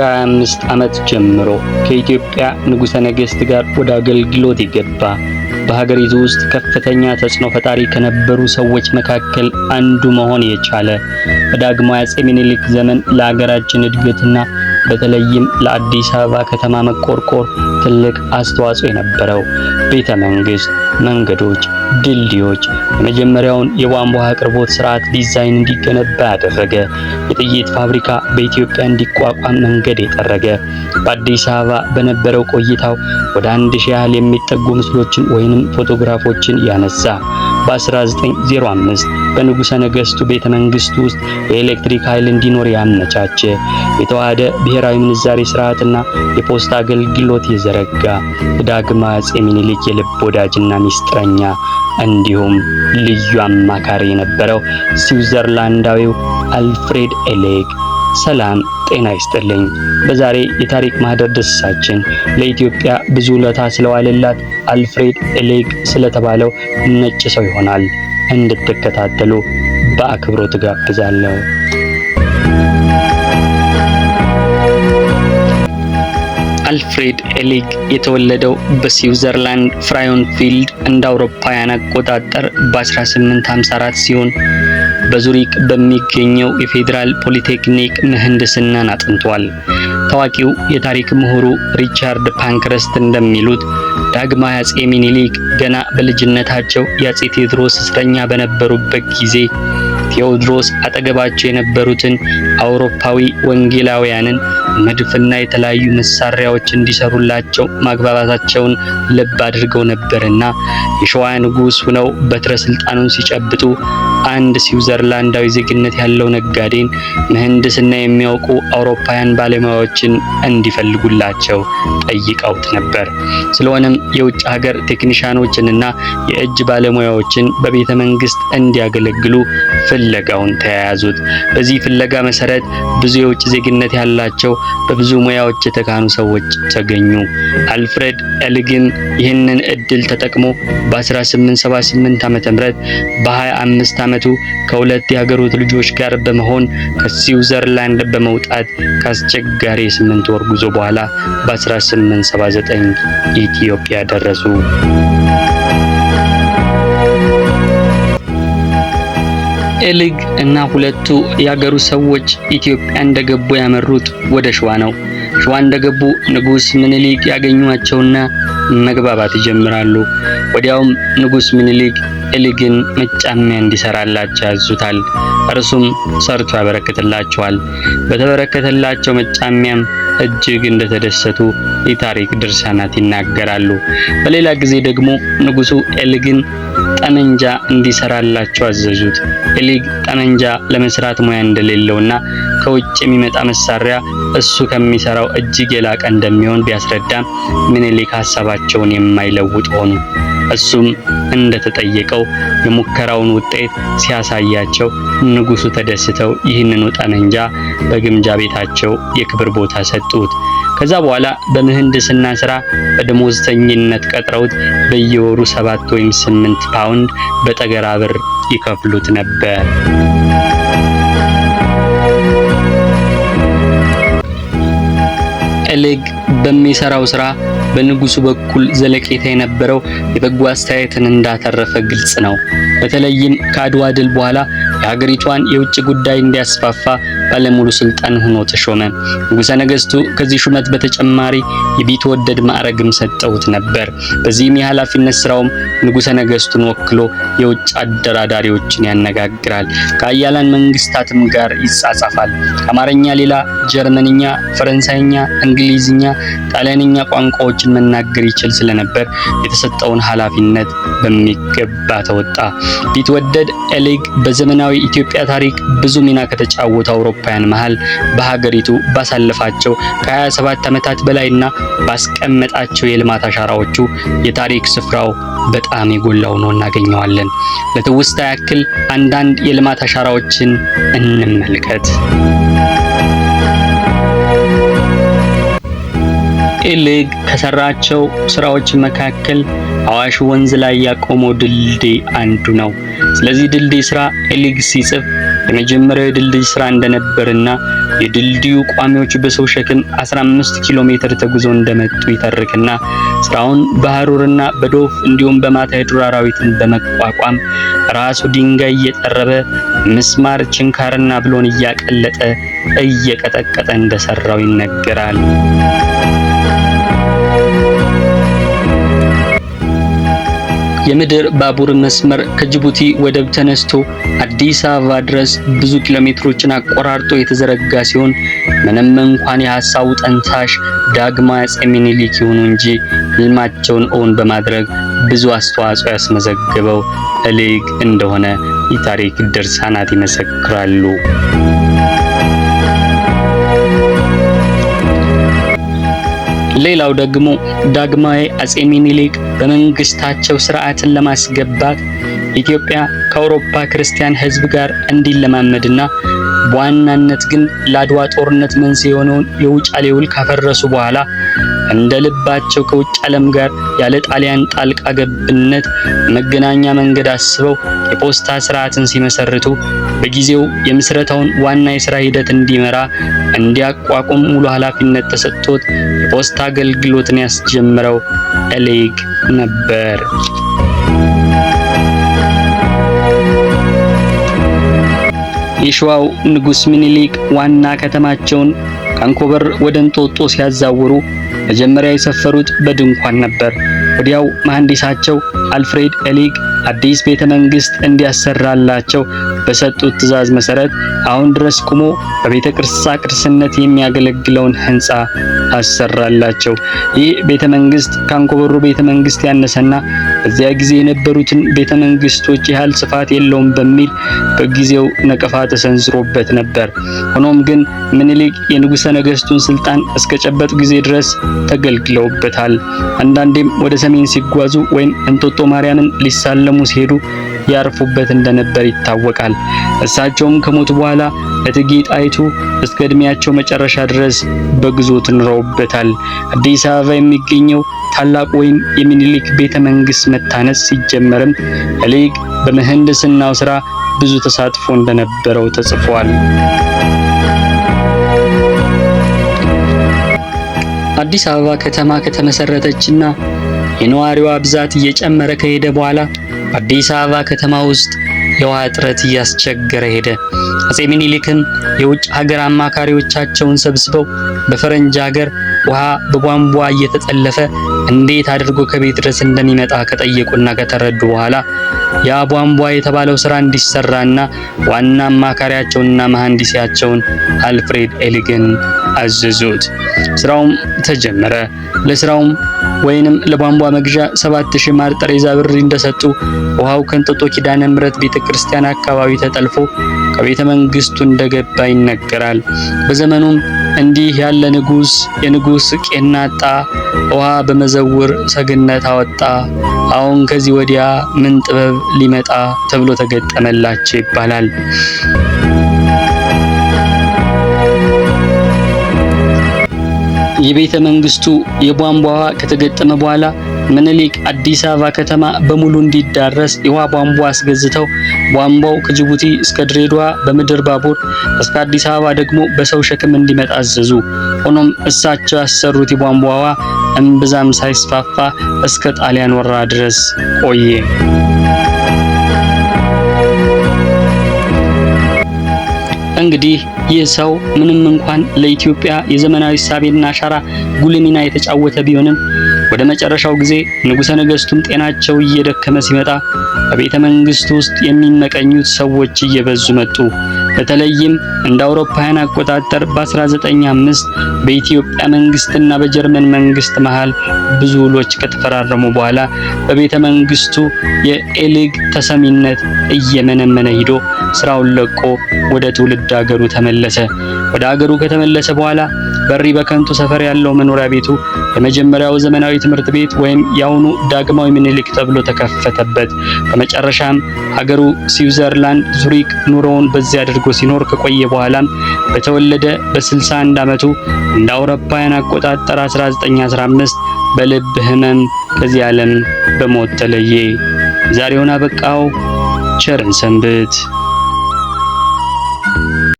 ከ25 ዓመት ጀምሮ ከኢትዮጵያ ንጉሠ ነገሥት ጋር ወደ አገልግሎት የገባ በሀገሪቱ ውስጥ ከፍተኛ ተጽዕኖ ፈጣሪ ከነበሩ ሰዎች መካከል አንዱ መሆን የቻለ በዳግማዊ አፄ ምኒልክ ዘመን ለሀገራችን እድገትና በተለይም ለአዲስ አበባ ከተማ መቆርቆር ትልቅ አስተዋጽኦ የነበረው ቤተ መንግስት፣ መንገዶች፣ ድልድዮች፣ የመጀመሪያውን የቧንቧ አቅርቦት ስርዓት ዲዛይን እንዲገነባ ያደረገ፣ የጥይት ፋብሪካ በኢትዮጵያ እንዲቋቋም መንገድ የጠረገ፣ በአዲስ አበባ በነበረው ቆይታው ወደ አንድ ሺህ ያህል የሚጠጉ ምስሎችን ወይንም ፎቶግራፎችን ያነሳ በ1905 በንጉሠ ነገሥቱ ቤተ መንግሥት ውስጥ የኤሌክትሪክ ኃይል እንዲኖር ያመቻቸ፣ የተዋሃደ ብሔራዊ ምንዛሬ ስርዓትና የፖስታ አገልግሎት የዘረጋ፣ ዳግማ አጼ ምኒልክ የልብ ወዳጅና ሚስጥረኛ እንዲሁም ልዩ አማካሪ የነበረው ስዊዘርላንዳዊው አልፍሬድ ኤሌግ ሰላም ጤና ይስጥልኝ። በዛሬ የታሪክ ማህደር ዳሰሳችን ለኢትዮጵያ ብዙ ውለታ ስለዋለላት አልፍሬድ ኤሌግ ስለተባለው ነጭ ሰው ይሆናል። እንድትከታተሉ በአክብሮት ጋብዛለሁ። አልፍሬድ ኤሌግ የተወለደው በስዊዘርላንድ ፍራዮንፊልድ እንደ አውሮፓውያን አቆጣጠር በ1854 ሲሆን በዙሪክ በሚገኘው የፌዴራል ፖሊቴክኒክ ምህንድስናን አጥንቷል። ታዋቂው የታሪክ ምሁሩ ሪቻርድ ፓንክረስት እንደሚሉት ዳግማዊ አጼ ሚኒሊክ ገና በልጅነታቸው የአጼ ቴዎድሮስ እስረኛ በነበሩበት ጊዜ ቴዎድሮስ አጠገባቸው የነበሩትን አውሮፓዊ ወንጌላውያንን መድፍና የተለያዩ መሳሪያዎች እንዲሰሩላቸው ማግባባታቸውን ልብ አድርገው ነበርና የሸዋ ንጉስ ሆነው በትረ ስልጣኑን ሲጨብጡ አንድ ስዊዘርላንዳዊ ዜግነት ያለው ነጋዴን ምህንድስና የሚያውቁ አውሮፓውያን ባለሙያዎችን እንዲፈልጉላቸው ጠይቀውት ነበር። ስለሆነም የውጭ ሀገር ቴክኒሻኖችንና የእጅ ባለሙያዎችን በቤተ መንግስት እንዲያገለግሉ ፍለጋውን ተያያዙት። በዚህ ፍለጋ መሰረት ብዙ የውጭ ዜግነት ያላቸው በብዙ ሙያዎች የተካኑ ሰዎች ተገኙ። አልፍሬድ ኤልግን ይህንን እድል ተጠቅሞ በ1878 ዓ.ም በ25 ዓመቱ ከሁለት የሀገሮት ልጆች ጋር በመሆን ከስዊዘርላንድ በመውጣት ከአስቸጋሪ የስምንት ወር ጉዞ በኋላ በ1879 ኢትዮጵያ ደረሱ። ኤልግ እና ሁለቱ የአገሩ ሰዎች ኢትዮጵያ እንደገቡ ያመሩት ወደ ሸዋ ነው። ሸዋ እንደገቡ ንጉስ ምኒልክ ያገኟቸውና መግባባት ይጀምራሉ። ወዲያውም ንጉስ ምኒልክ እልግን መጫሚያ እንዲሰራላቸው ያዙታል። እርሱም ሰርቶ ያበረክትላቸዋል። በተበረከተላቸው መጫሚያም እጅግ እንደተደሰቱ የታሪክ ድርሳናት ይናገራሉ። በሌላ ጊዜ ደግሞ ንጉሱ ኤልግን ጠመንጃ እንዲሰራላቸው አዘዙት። ኤሊግ ጠመንጃ ለመስራት ሙያ እንደሌለውና ከውጭ የሚመጣ መሳሪያ እሱ ከሚሰራው እጅግ የላቀ እንደሚሆን ቢያስረዳም ምኒልክ ሀሳባቸውን የማይለውጥ ሆኑ። እሱም እንደተጠየቀው የሙከራውን ውጤት ሲያሳያቸው ንጉሱ ተደስተው ይህንኑ ጠመንጃ በግምጃ ቤታቸው የክብር ቦታ ሰጡት። ከዛ በኋላ በምህንድስና ስራ በደሞዝተኝነት ቀጥረውት በየወሩ ሰባት ወይም ስምንት ፓውንድ በጠገራ ብር ይከፍሉት ነበር። ሳይልግ በሚሰራው ስራ በንጉሱ በኩል ዘለቄታ የነበረው የበጎ አስተያየትን እንዳተረፈ ግልጽ ነው። በተለይም ከአድዋ ድል በኋላ የሀገሪቷን የውጭ ጉዳይ እንዲያስፋፋ ባለሙሉ ስልጣን ሆኖ ተሾመ። ንጉሠ ነገሥቱ ከዚህ ሹመት በተጨማሪ የቢትወደድ ማዕረግም ሰጠውት ነበር። በዚህም የኃላፊነት ስራውም ንጉሠ ነገሥቱን ወክሎ የውጭ አደራዳሪዎችን ያነጋግራል፣ ከአያላን መንግስታትም ጋር ይጻጻፋል። ከአማርኛ ሌላ ጀርመንኛ፣ ፈረንሳይኛ፣ እንግሊዝኛ፣ ጣሊያንኛ ቋንቋዎችን መናገር ይችል ስለነበር የተሰጠውን ኃላፊነት በሚገባ ተወጣ። ቢትወደድ ኤሌግ በዘመናዊ በኢትዮጵያ ታሪክ ብዙ ሚና ከተጫወቱ አውሮፓውያን መሃል በሀገሪቱ ባሳለፋቸው ከ27 ዓመታት በላይና ባስቀመጣቸው የልማት አሻራዎቹ የታሪክ ስፍራው በጣም የጎላ ሆኖ እናገኘዋለን። ለትውስታ ያክል አንዳንድ የልማት አሻራዎችን እንመልከት። ኢሊግ ከሰራቸው ስራዎች መካከል አዋሽ ወንዝ ላይ ያቆመው ድልድይ አንዱ ነው። ስለዚህ ድልድይ ስራ ኤሊግ ሲጽፍ የመጀመሪያው የድልድይ ስራ እንደነበርና የድልድዩ ቋሚዎች በሰው ሸክም 15 ኪሎ ሜትር ተጉዞ እንደመጡ ይተርክና ስራውን በሐሩርና በዶፍ እንዲሁም በማታ የዱር አራዊትን በመቋቋም ራሱ ድንጋይ እየጠረበ ምስማር፣ ችንካርና ብሎን እያቀለጠ እየቀጠቀጠ እንደሰራው ይነገራል። የምድር ባቡር መስመር ከጅቡቲ ወደብ ተነስቶ አዲስ አበባ ድረስ ብዙ ኪሎ ሜትሮችን አቆራርጦ የተዘረጋ ሲሆን ምንም እንኳን የሐሳቡ ጠንሳሽ ዳግማዊ አፄ ምኒልክ ይሁኑ እንጂ ህልማቸውን እውን በማድረግ ብዙ አስተዋጽኦ ያስመዘገበው እሌግ እንደሆነ የታሪክ ድርሳናት ይመሰክራሉ። ሌላው ደግሞ ዳግማዊ አጼ ሚኒሊክ በመንግስታቸው ስርዓትን ለማስገባት ኢትዮጵያ ከአውሮፓ ክርስቲያን ህዝብ ጋር እንዲለማመድና በዋናነት ግን ለአድዋ ጦርነት መንስኤ የሆነውን የውጫሌ ውል ካፈረሱ በኋላ እንደ ልባቸው ከውጭ ዓለም ጋር ያለ ጣሊያን ጣልቃ ገብነት መገናኛ መንገድ አስበው የፖስታ ስርዓትን ሲመሰርቱ በጊዜው የምስረታውን ዋና የስራ ሂደት እንዲመራ እንዲያቋቁም ሙሉ ኃላፊነት ተሰጥቶት የፖስታ አገልግሎትን ያስጀምረው ኤሌግ ነበር። የሸዋው ንጉስ ምኒልክ ዋና ከተማቸውን ከአንኮበር ወደ እንጦጦ ሲያዛውሩ መጀመሪያ የሰፈሩት በድንኳን ነበር። ወዲያው መሐንዲሳቸው አልፍሬድ ኤሊግ አዲስ ቤተ መንግስት እንዲያሰራላቸው በሰጡት ትዕዛዝ መሰረት አሁን ድረስ ቁሞ በቤተ ቅርሳ ቅርስነት የሚያገለግለውን ህንፃ አሰራላቸው። ይህ ቤተ መንግስት ካንኮበሮ ቤተ መንግስት ያነሰና በዚያ ጊዜ የነበሩትን ቤተ መንግስቶች ያህል ስፋት የለውም በሚል በጊዜው ነቀፋ ተሰንዝሮበት ነበር። ሆኖም ግን ምኒልክ የንጉሰ ነገስቱን ስልጣን እስከጨበጥ ጊዜ ድረስ ተገልግለውበታል። አንዳንዴም ወደ ሰሜን ሲጓዙ ወይም እንጦጦ ማርያምን ሊሳለ እያለሙ ሲሄዱ ያርፉበት እንደነበር ይታወቃል። እሳቸውም ከሞቱ በኋላ እቴጌ ጣይቱ እስከ እድሜያቸው መጨረሻ ድረስ በግዞት ኑረውበታል። አዲስ አበባ የሚገኘው ታላቅ ወይም የሚኒሊክ ቤተ መንግስት መታነጽ ሲጀመርም ሊቅ በምህንድስናው ስራ ብዙ ተሳትፎ እንደነበረው ተጽፏል። አዲስ አበባ ከተማ ከተመሰረተችና የነዋሪዋ ብዛት እየጨመረ ከሄደ በኋላ በአዲስ አበባ ከተማ ውስጥ የውሃ እጥረት እያስቸገረ ሄደ። አጼ ምኒልክም የውጭ ሀገር አማካሪዎቻቸውን ሰብስበው በፈረንጅ ሀገር ውሃ በቧንቧ እየተጠለፈ እንዴት አድርጎ ከቤት ድረስ እንደሚመጣ ከጠየቁና ከተረዱ በኋላ ያ ቧንቧ የተባለው ስራ እንዲሰራና ዋና አማካሪያቸውንና መሐንዲሲያቸውን አልፍሬድ ኤሊገን አዘዙት። ስራውም ተጀመረ። ለስራውም ወይንም ለቧንቧ መግዣ 7000 ማር ጠሬዛ ብር እንደሰጡ ውሃው ከእንጦጦ ኪዳነ ምሕረት ቤተክርስቲያን አካባቢ ተጠልፎ ከቤተ መንግስቱ እንደገባ ይነገራል። በዘመኑም እንዲህ ያለ ንጉስ የንጉስ ቄናጣ ውሃ በመዘውር ሰግነት አወጣ። አሁን ከዚህ ወዲያ ምን ጥበብ ሊመጣ ተብሎ ተገጠመላቸው ይባላል። የቤተ መንግስቱ የቧንቧ ውሃ ከተገጠመ በኋላ ምኒልክ አዲስ አበባ ከተማ በሙሉ እንዲዳረስ የውሃ ቧንቧ አስገዝተው ቧንቧው ከጅቡቲ እስከ ድሬዳዋ በምድር ባቡር እስከ አዲስ አበባ ደግሞ በሰው ሸክም እንዲመጣ አዘዙ። ሆኖም እሳቸው ያሰሩት የቧንቧ ውሃ እምብዛም ሳይስፋፋ እስከ ጣሊያን ወራ ድረስ ቆየ። እንግዲህ ይህ ሰው ምንም እንኳን ለኢትዮጵያ የዘመናዊ እሳቤና አሻራ ጉልህ ሚና የተጫወተ ቢሆንም ወደ መጨረሻው ጊዜ ንጉሠ ነገሥቱም ጤናቸው እየደከመ ሲመጣ በቤተ መንግስት ውስጥ የሚመቀኙት ሰዎች እየበዙ መጡ። በተለይም እንደ አውሮፓውያን አቆጣጠር በ1905 በኢትዮጵያ መንግስትና በጀርመን መንግስት መሃል ብዙ ውሎች ከተፈራረሙ በኋላ በቤተ መንግስቱ የኤሊግ ተሰሚነት እየመነመነ ሂዶ ስራውን ለቆ ወደ ትውልድ አገሩ ተመለሰ። ወደ አገሩ ከተመለሰ በኋላ በሪ በከንቱ ሰፈር ያለው መኖሪያ ቤቱ የመጀመሪያው ዘመናዊ ትምህርት ቤት ወይም የአሁኑ ዳግማዊ ምኒልክ ተብሎ ተከፈተበት። በመጨረሻም አገሩ ስዊዘርላንድ ዙሪክ ኑሮውን በዚያ አድርጎ ሲኖር ከቆየ በኋላም በተወለደ በ61 ዓመቱ እንደ አውሮፓውያን አቆጣጠር 1915 በልብ ህመም ከዚህ ዓለም በሞት ተለየ። ዛሬውን አበቃው። ቸርን ሰንብት።